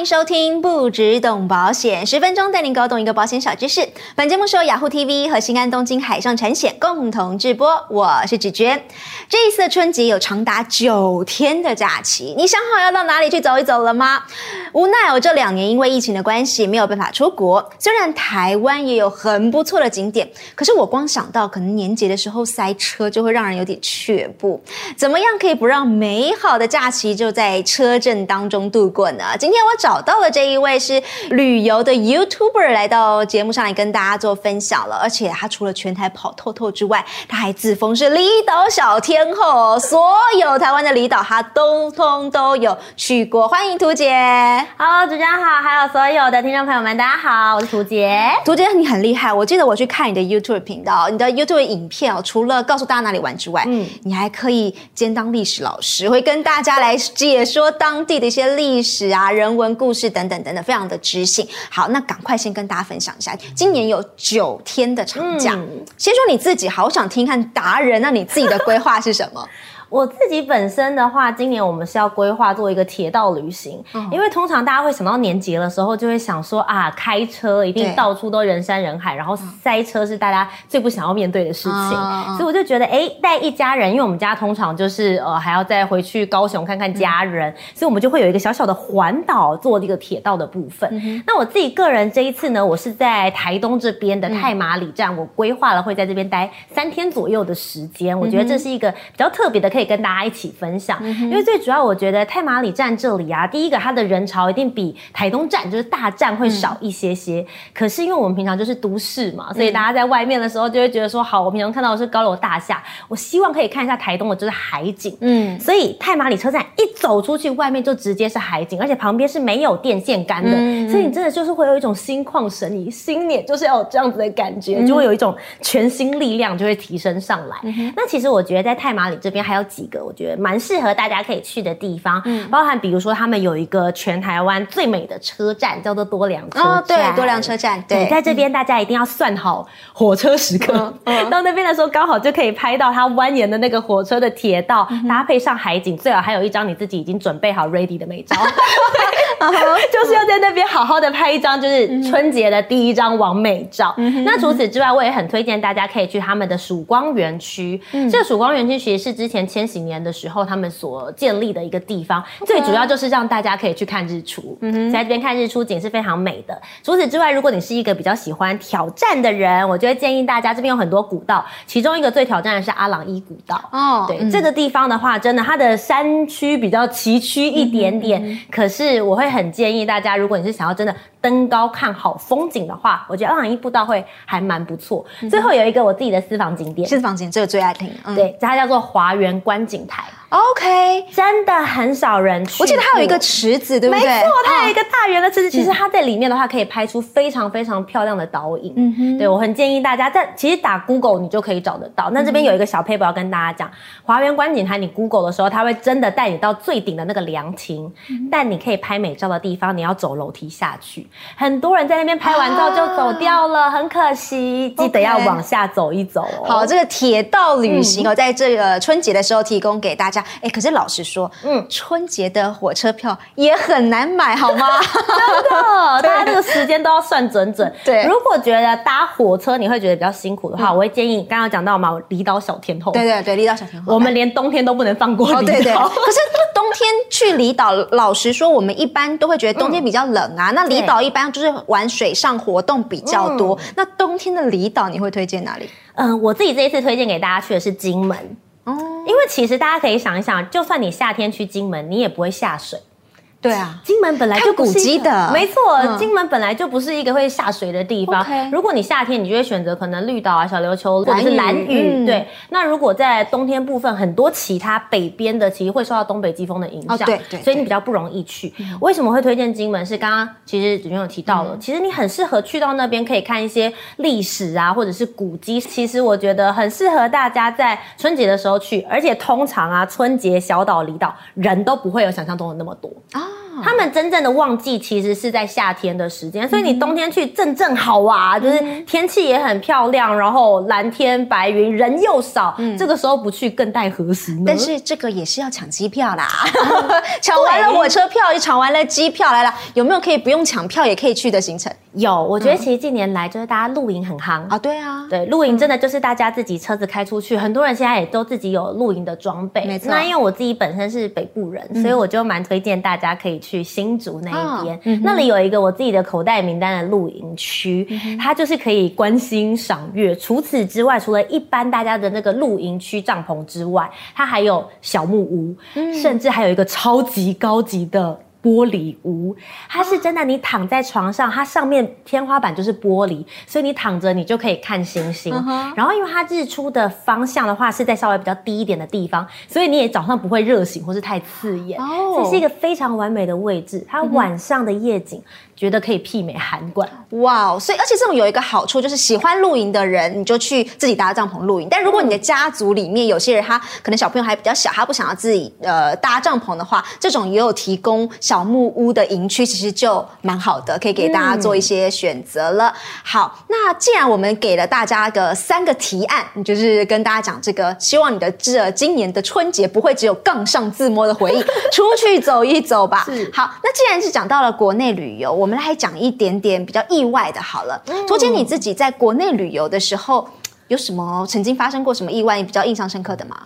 歡迎收聽不芷懂保險，十分鐘帶您搞懂一個保險小知識。本節目是由雅虎 TV 和新安東京海上產險共同直播。我是芷娟。這一次的春節有長達九天的假期，你想好要到哪裡去走一走了嗎？無奈我、哦、這兩年因為疫情的關係沒有辦法出國，雖然台灣也有很不錯的景點，可是我光想到可能年節的時候塞車，就會讓人有點卻步。怎麼樣可以不讓美好的假期就在車陣當中度過呢？今天我找。找到了這一位是旅遊的 YouTuber 來到節目上來跟大家做分享了，而且他除了全台跑透透之外，他還自封是離島小天後，所有台灣的離島他通通都有去過。歡迎屠潔，Hello，主持人好，還有所有的聽眾朋友們，大家好，我是屠潔。屠潔，你很厲害，我記得我去看你的 YouTube 頻道，你的 YouTube 影片哦，除了告訴大家哪裡玩之外，嗯，你還可以兼當歷史老師，會跟大家來解說當地的一些歷史啊、人文。故事等等等等，非常的知性。好，那趕快先跟大家分享一下，今年有九天的長假、嗯。先說你自己，好想聽看達人，那你自己的規劃是什麼？ 我自己本身的話，今年我們是要規劃做一個鐵道旅行，因為通常大家會想到年節的時候，就會想說啊，開車一定到處都人山人海，然後塞車是大家最不想要面對的事情，嗯、所以我就覺得，哎、欸，帶一家人，因為我們家通常就是呃還要再回去高雄看看家人、嗯，所以我們就會有一個小小的環島做這個鐵道的部分、嗯。那我自己個人這一次呢，我是在台東這邊的太麻里站，嗯、我規劃了會在這邊待三天左右的時間、嗯，我覺得這是一個比較特別的。可以可以跟大家一起分享，嗯、因為最主要我覺得太麻里站這裡啊，第一個它的人潮一定比台東站就是大站會少一些些、嗯。可是因為我們平常就是都市嘛、嗯，所以大家在外面的時候就會覺得說，好，我平常看到的是高樓大廈，我希望可以看一下台東的就是海景。嗯，所以太麻里車站一走出去，外面就直接是海景，而且旁邊是沒有電線桿的嗯嗯，所以你真的就是會有一種心曠神怡，新年就是要有這樣子的感覺、嗯，就會有一種全新力量就會提升上來。嗯、那其實我覺得在太麻里這邊還有。幾個我覺得蠻適合大家可以去的地方、嗯，包含比如說他們有一個全台灣最美的車站叫做多良車站、哦，對，多良車站，對，對在這邊大家一定要算好火車時刻，嗯、到那邊的時候剛好就可以拍到它蜿蜒的那個火車的鐵道，嗯嗯，搭配上海景，最好還有一張你自己已經準備好 ready 的美照。 就是要在那邊好好的拍一張，就是春節的第一張完美照，嗯。那除此之外，我也很推薦大家可以去他們的曙光園區，嗯。這個，曙光園區其實是之前千禧年的時候他們所建立的一個地方，嗯、最主要就是讓大家可以去看日出。嗯，在這邊看日出景是非常美的。除此之外，如果你是一個比較喜歡挑戰的人，我就會建議大家這邊有很多古道，其中一個最挑戰的是阿朗伊古道。哦，對，嗯、這個地方的話，真的它的山區比較崎嶇一點點，嗯嗯，可是我會。很建議大家，如果你是想要真的登高看好風景的話，我覺得二郎一步道會還蠻不錯，嗯。最後有一個我自己的私房景點，私房景點這個最愛聽，嗯，對，它叫做華園觀景台。OK，真的很少人去。我記得它有一個池子，對不對？沒錯，哦，它有一個大圓的池子，嗯。其實它在裡面的話，可以拍出非常非常漂亮的倒影。嗯哼。對，我很建議大家，在其實打 Google 你就可以找得到。嗯，那這邊有一個小配 r 要跟大家講，華、嗯、園觀景台你 Google 的時候，它會真的帶你到最頂的那個涼亭，嗯，但你可以拍美照的地方，你要走樓梯下去，嗯。很多人在那邊拍完照就走掉了，啊，很可惜。Okay, 記得要往下走一走，哦。好，這個鐵道旅行哦，嗯，在這個春節的時候提供給大家。欸、可是老實說，嗯，春節的火車票也很難買，好嗎？真的，大 家這個時間都要算準準。對，如果覺得搭火車你會覺得比較辛苦的話，嗯、我會建議。剛剛講到嘛，離島小天後。對對對，離島小天後。我們連冬天都不能放過離島、哦、對，對對。 可是冬天去離島，老實說，我們一般都會覺得冬天比較冷啊。嗯、那離島一般就是玩水上活動比較多。嗯、那冬天的離島，你會推薦哪裡？嗯，我自己這一次推薦給大家去的是金門。因為其實大家可以想一想，就算你夏天去金門，你也不會下水。對啊，金門本來就是、古蹟的，沒錯、嗯，金門本來就不是一個會下水的地方。嗯、如果你夏天，你就會選擇可能綠島啊、小琉球或者是蘭嶼、嗯。對，那如果在冬天部分，很多其他北邊的其實會受到東北季風的影響，哦、對，對，對，所以你比較不容易去。嗯、為什麼會推薦金門？是剛剛其實主君有提到了，嗯、其實你很適合去到那邊可以看一些歷史啊，或者是古蹟。其實我覺得很適合大家在春節的時候去，而且通常啊，春節小島離島人都不會有想象中的那麼多啊。他們真正的旺季其實是在夏天的時間，所以你冬天去正正好哇，啊嗯，就是天氣也很漂亮，然後藍天白雲，人又少，嗯，這個時候不去更待何時呢？但是這個也是要搶機票啦，嗯、 搶完了火車票，又搶完了機票，來了，有沒有可以不用搶票也可以去的行程？有，我覺得其實近年來就是大家露營很夯啊，對啊，對，露營真的就是大家自己車子開出去，很多人現在也都自己有露營的裝備沒錯。那因為我自己本身是北部人，所以我就蠻推薦大家可以去，去新竹那一邊、哦嗯，那裡有一個我自己的口袋名單的露營區、嗯，它就是可以觀星賞月。除此之外，除了一般大家的那個露營區帳篷之外，它還有小木屋、嗯，甚至還有一個超級高級的。玻璃屋，它是真的。你躺在床上，啊，它上面天花板就是玻璃，所以你躺着你就可以看星星。嗯、然後，因為它日出的方向的話是在稍微比較低一點的地方，所以你也早上不會熱醒或是太刺眼。哦，這是一個非常完美的位置。它晚上的夜景。嗯覺得可以媲美韓館哇，wow, 所以而且這種有一個好處，就是喜歡露營的人，你就去自己搭帳篷露營。但如果你的家族裡面有些人、嗯，他可能小朋友還比較小，他不想要自己呃搭帳篷的話，這種也有提供小木屋的營區，其實就蠻好的，可以給大家做一些選擇了、嗯。好，那既然我們給了大家個三個提案，你就是跟大家講這個，希望你的這今年的春節不會只有槓上自摸的回憶， 出去走一走吧。好，那既然是講到了國內旅遊，我。我們來講一點點比較意外的，好了。昨天你自己在國內旅遊的時候，有什麼曾經發生過什麼意外，你比較印象深刻的嗎？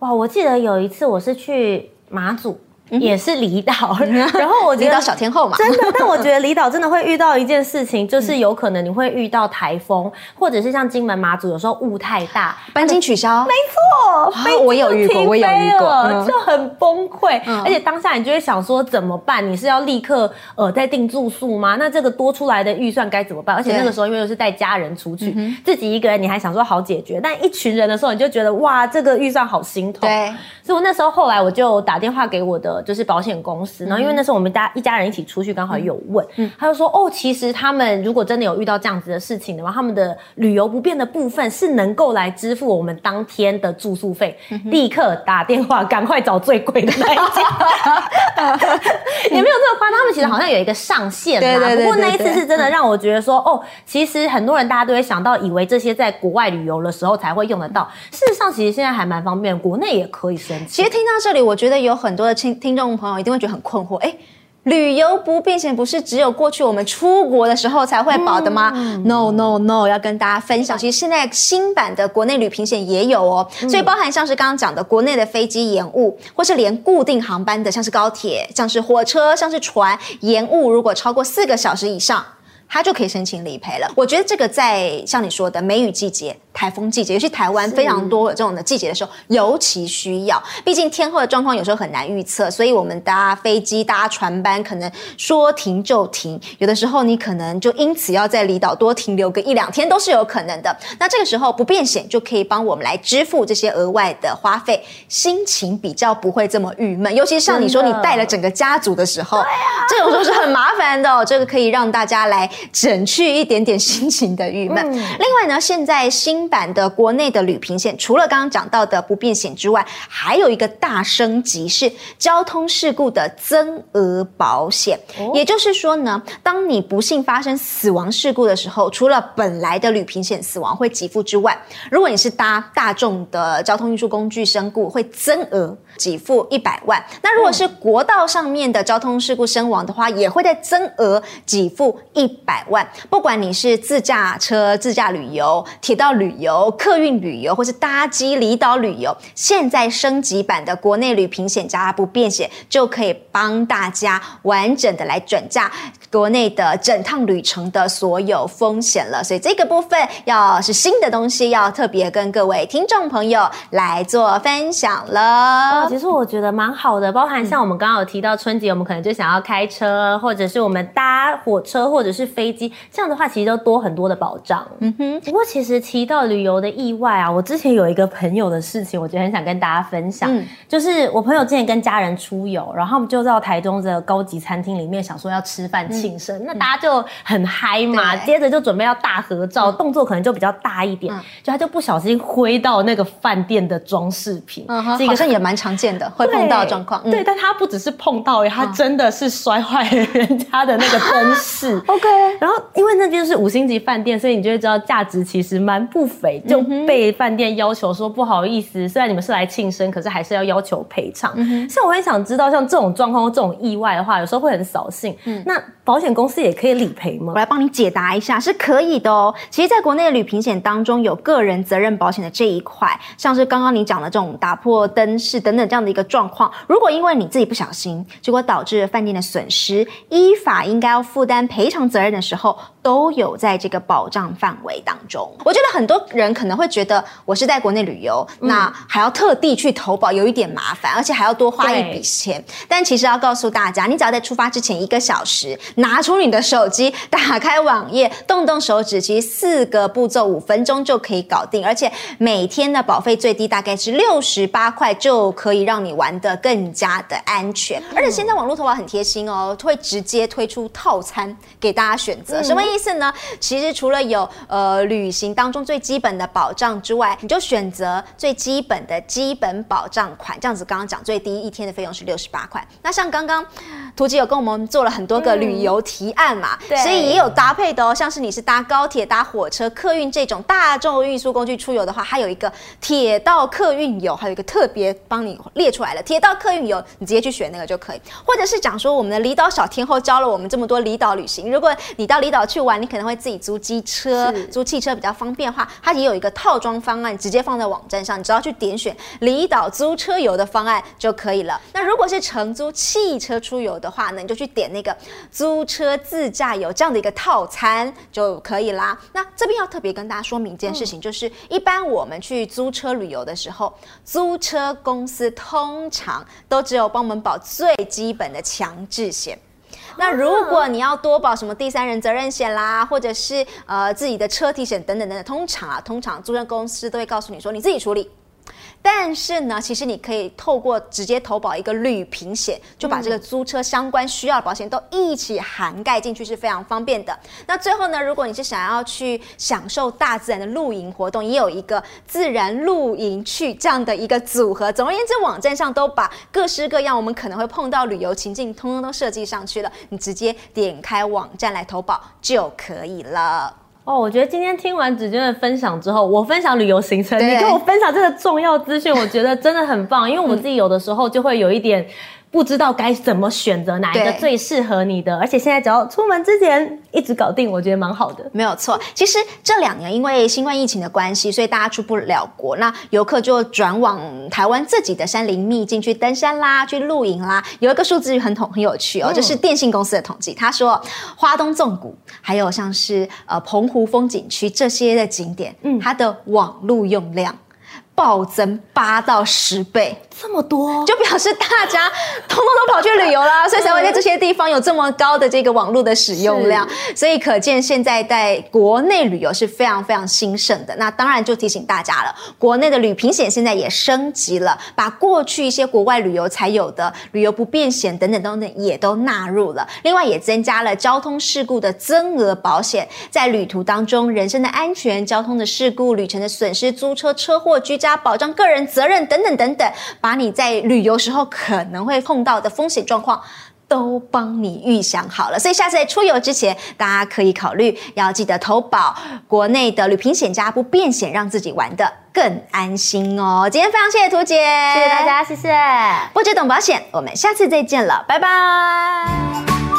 哇，我記得有一次我是去馬祖。嗯、也是離島、嗯，然後我覺得離島小天后嘛，真的， 但我覺得離島真的會遇到一件事情，就是有可能你會遇到台風、嗯，或者是像金門、馬祖，有時候霧太大，班、嗯、機取消，沒錯，啊沒錯啊、沒錯我有遇過，滅滅我有、嗯、就很崩潰、嗯，而且當下你就會想說怎麼辦？你是要立刻呃再訂住宿嗎？那這個多出來的預算該怎麼辦？而且那個時候因為又是帶家人出去、嗯，自己一個人你還想說好解決，嗯、但一群人的時候你就覺得哇這個預算好心痛，對，所以我那時候後來我就打電話給我的。就是保險公司，然後因為那時候我們家一家人一起出去，剛好有問，嗯、他就說哦，其實他們如果真的有遇到這樣子的事情的話，他們的旅遊不便的部分是能夠來支付我們當天的住宿費、嗯，立刻打電話，趕快找最貴的那一家。 也沒有這麼誇張，他們其實好像有一個上限嘛。嗯、不過那一次是真的讓我覺得說哦，其實很多人大家都會想到，以為這些在國外旅遊的時候才會用得到，事實上其實現在還蠻方便，國內也可以申請。其實聽到這裡，我覺得有很多的親聽聽眾朋友一定會覺得很困惑，哎，旅遊不便險不是只有過去我們出國的時候才會保的嗎？嗯，No No No，要跟大家分享，其實現在新版的國內旅平險也有哦，嗯，所以包含像是剛剛講的國內的飛機延誤，或是連固定航班的，像是高鐵、像是火車、像是船延誤，如果超過四個小時以上，它就可以申請理賠了。我覺得這個在像你說的梅雨季節。颱風季節，尤其台灣非常多的這種的季節的時候，尤其需要。畢竟天候的狀況有時候很難預測，所以我們搭飛機、搭船班可能說停就停，有的時候你可能就因此要在離島多停留個一兩天都是有可能的。那這個時候不便險就可以幫我們來支付這些額外的花費，心情比較不會這麼鬱悶。尤其像你說你帶了整個家族的時候，這種時候是很麻煩的哦，這個可以讓大家來減去一點點心情的鬱悶。嗯，另外呢，現在新新版的國內的旅平險，除了剛剛講到的不便險之外，還有一個大升級是交通事故的增額保險。哦、也就是說呢，當你不幸發生死亡事故的時候，除了本來的旅平險死亡會給付之外，如果你是搭大眾的交通運輸工具身故，會增額給付一百萬。那如果是國道上面的交通事故身亡的話，也會再增額給付一百萬。不管你是自駕車、自駕旅遊、鐵道旅。旅遊、客運旅遊，或是搭機離島旅遊，現在升級版的國內旅平險加不便險，就可以幫大家完整的來轉嫁國內的整趟旅程的所有風險了。所以這個部分要是新的東西，要特別跟各位聽眾朋友來做分享了。其實我覺得蠻好的，包含像我們剛剛有提到春節，嗯，我們可能就想要開車，或者是我們搭火車，或者是飛機，這樣的話其實都多很多的保障。嗯哼，不過其實提到，旅遊的意外啊！我之前有一個朋友的事情，我覺得很想跟大家分享。嗯、就是我朋友之前跟家人出遊、嗯，然後他們就到台中的高級餐廳裡面，想說要吃飯慶生、嗯，那大家就很嗨嘛，嗯、接着就準備要大合照、嗯，動作可能就比較大一點，嗯、就他就不小心揮到那個飯店的裝飾品，這、嗯、個像也蠻常見的會碰到的狀況、嗯。對，但他不只是碰到、欸，他真的是摔壞人家的那個燈飾。啊、 OK，然後因為那邊是五星級飯店，所以你就會知道價值其實蠻不。肥就被飯店要求說不好意思，嗯、雖然你們是來慶生，可是還是要要求賠償、嗯。像我很想知道，像這種狀況、這種意外的話，有時候會很掃興。嗯、那。保險公司也可以理賠嗎？我來幫你解答一下，是可以的哦、喔。其實，在國內的旅平險當中，有個人責任保險的這一塊，像是剛剛你講的這種打破燈飾等等這樣的一個狀況，如果因為你自己不小心，結果導致了飯店的損失，依法應該要負擔賠償責任的時候，都有在這個保障範圍當中。我覺得很多人可能會覺得，我是在國內旅遊、嗯，那還要特地去投保，有一點麻煩，而且還要多花一筆錢。但其實要告訴大家，你只要在出發之前一個小時。拿出你的手機，打開網頁，動動手指，其實四個步驟，五分鐘就可以搞定。而且每天的保費最低大概是六十八塊，就可以讓你玩得更加的安全。嗯、而且現在網絡投保很貼心哦，會直接推出套餐給大家選擇。嗯、什麼意思呢？其實除了有呃旅行當中最基本的保障之外，你就選擇最基本的基本保障款，這樣子剛剛講最低一天的費用是六十八塊。那像剛剛屠潔有跟我們做了很多個旅行。嗯遊提案嘛，所以也有搭配的哦。像是你是搭高鐵、搭火車、客運這種大眾運輸工具出遊的話，它有一個鐵道客運遊，還有一個特別幫你列出來的鐵道客運遊，你直接去選那個就可以。或者是講說，我們的離島小天后教了我們這麼多離島旅行。如果你到離島去玩，你可能會自己租機車、租汽車比較方便的話，它也有一個套裝方案，直接放在網站上，你只要去點選離島租車遊的方案就可以了。那如果是承租汽車出遊的話呢，你就去點那個租。租車自駕遊這樣的一個套餐就可以啦。那這邊要特別跟大家說明一件事情，嗯，就是一般我們去租車旅遊的時候，租車公司通常都只有幫我們保最基本的強制險。那如果你要多保什麼第三人責任險啦，或者是呃自己的車體險等等等等，通常啊，通常租車公司都會告訴你說，你自己處理。但是呢，其實你可以透過直接投保一個旅平險，就把這個租車相關需要的保險都一起涵蓋進去，是非常方便的。那最後呢，如果你是想要去享受大自然的露營活動，也有一個自然露營區這樣的一個組合。總而言之，網站上都把各式各樣我們可能會碰到旅遊情境，通通都設計上去了。你直接點開網站來投保就可以了。哦，我覺得今天聽完子君的分享之後，我分享旅遊行程，你跟我分享這個重要資訊，我覺得真的很棒， 因為我自己有的時候就會有一點。不知道該怎麼選擇哪一個最適合你的，而且現在只要出門之前一直搞定，我覺得蠻好的。沒有錯，其實這兩年因為新冠疫情的關係，所以大家出不了國，那遊客就轉往台灣自己的山林秘境去登山啦，去露營啦。有一個數字很統很有趣哦、嗯，就是電信公司的統計，他說花東縱谷還有像是呃澎湖風景區這些的景點，嗯，它的網路用量。暴增八到十倍，這麼多，就表示大家通通都跑去旅遊了，所以才會在這些地方有這麼高的這個網絡的使用量。所以可見現在在國內旅遊是非常非常興盛的。那當然就提醒大家了，國內的旅平險現在也升級了，把過去一些國外旅遊才有的旅遊不便險等等等等也都納入了，另外也增加了交通事故的增額保險，在旅途當中人身的安全、交通的事故、旅程的損失、租車車禍、居家。保障個人責任等等等等，把你在旅遊時候可能會碰到的風險狀況都幫你預想好了，所以下次在出遊之前，大家可以考慮要記得投保國內的旅平險加不便險，讓自己玩得更安心哦。今天非常謝謝屠姐，謝謝大家，謝謝。不芷懂保險，我們下次再見了，拜拜。